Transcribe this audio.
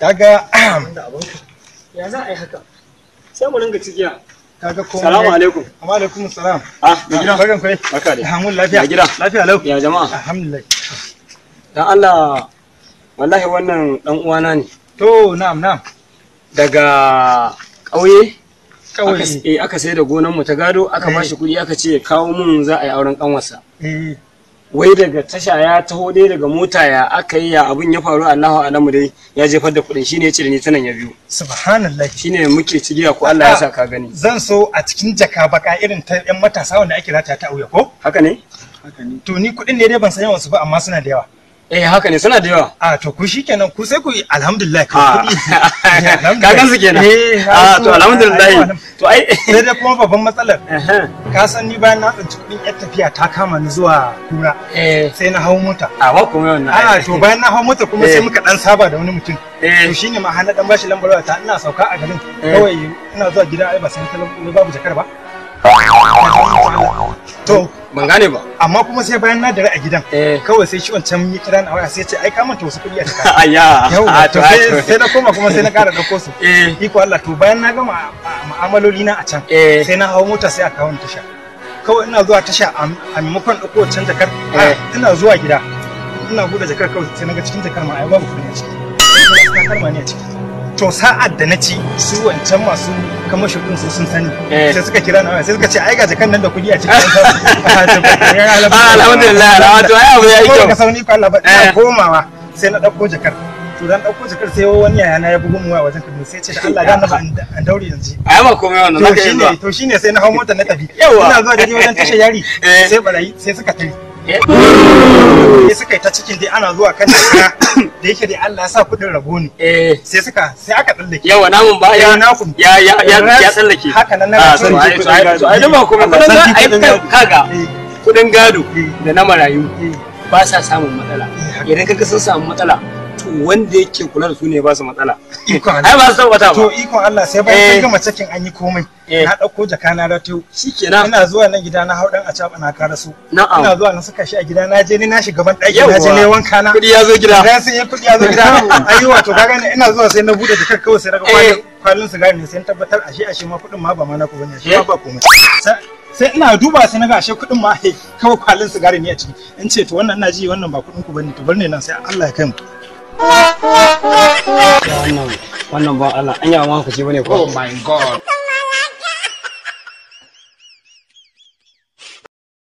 kaga ya za a yi haka sai mu ringa cikiya kaga komai salamu alaikum Wa alaikum salam ah da ah, gida barkan kai barka dai alhamdulillah lafiya lafiya lau ya jama'a alhamdulillah dan Allah wallahi wannan dan uwana ne to na'am na'am daga ƙauye ƙauye eh aka sai da gonan mu ta gado aka eh. bashi kuɗi aka ce kawo mun za a yi auren ƙanwarsa. eh wai daga tasha ya taho dai daga mota ya aka yi ya abun ya faru Allahu alamu dai ya jefar da kuɗin shine ya ce da ni tanan ya biyu subhanallah shine muke cigiya ko Allah ya sa ka gani zan so a cikin jaka baka irin ta yan matasa wanda ake rata ta auya ko haka ne haka ne to ni kuɗin ne dai ban san yawan su ba amma suna da yawa Eh haka ne suna da yawa. A ah, to ku shikenan ku sai ku alhamdulillah ka ah, kuɗi. Ka gansu kenan. Eh ah, to alhamdulillah to ai sai dai kuma babban matsalar ka san ni bayan na tsinci kudin yar tafiya ta kama ni zuwa kura eh. sai na hau mota a ba kuma wannan a ah, to bayan na hau mota kuma eh. sai muka dan saba da wani mutum eh. to shine ma hana dan bashi lambar ta ina sauka a garin kawai ina zuwa gida ai ba sai ta lambar babu jakar ba ah. to ban gane ba amma kuma sai bayan na dare a gidan eh. kawai sai shi wancan yi kira na waya sai ce ai ka manta wasu kuɗi a cikin aya yawa ah, ah, to sai na koma kuma sai na ƙara ɗauko su eh. iko Allah to bayan na gama mu'amaloli na a can eh. sai na hawo mota sai a kawo tasha kawai ina zuwa tasha a maimakon ɗauko wancan jakar ina zuwa gida ina buɗe jakar kawai sai na ga cikin jakar ma ai babu kuɗi a ciki takalma ne a ciki to sa'ad da na ci su wancan masu kamar shirkin su sun sani eh. sai suka kira na sai suka ce ai ga jakan nan da kudi a cikin ah, ah, alhamdulillah alhamdulillah ai abu ya yi kyau ka sauni ko Allah ba ina eh. komawa sai na ɗauko jakar to dan ɗauko jakar sai wani yaya na ya bugun mu a wajen kaduna sai ce da Allah ga na an daure yanzu ai ba komai wannan to shine to shine sai na hau mota na tafi ina zuwa da wajen tashe yari eh. sai barayi sai suka tare eh suka yi ta cikin dai ana zuwa kan da da yake dai Allah ya sa kudin rabo ne eh sai suka sai aka tsallake yawa namun ba ya eh, naku ya ya ya tsallake haka nan na ah, san ji to ai jama'a kuma kudin da kaga eh. kudin gado eh. da na marayu ba sa samun matsala idan kaga sun samu matsala to wanda yake kula da su ne ba su matsala ai ba su tabbata ba to ikon Allah sai sai eh. gama cikin an yi komai eh. na dauko jaka na da shikenan ina zuwa nan gida na hau a acaba na kara su ina zuwa na suka shi a gida na je ni na shiga ban daki na je ne wanka na kudi ya zo gida dan yi kudi ya zo gida ayi wato kaga ne ina zuwa sai na bude jakar kawai sai daga eh. kwalin kwalin sigari ne sai tabbatar ashe ashe ma kudin ma ba ma na ku bane ashe ba komai sai ina duba sai na ga ashe kuɗin ma kawai kwalin sigari ne a ciki in ce to wannan na ji wannan ba kuɗin ku bane to bar ne nan sai Allah ya kai mu wannan ba Allah an yawa ma ku ce bane ko oh my god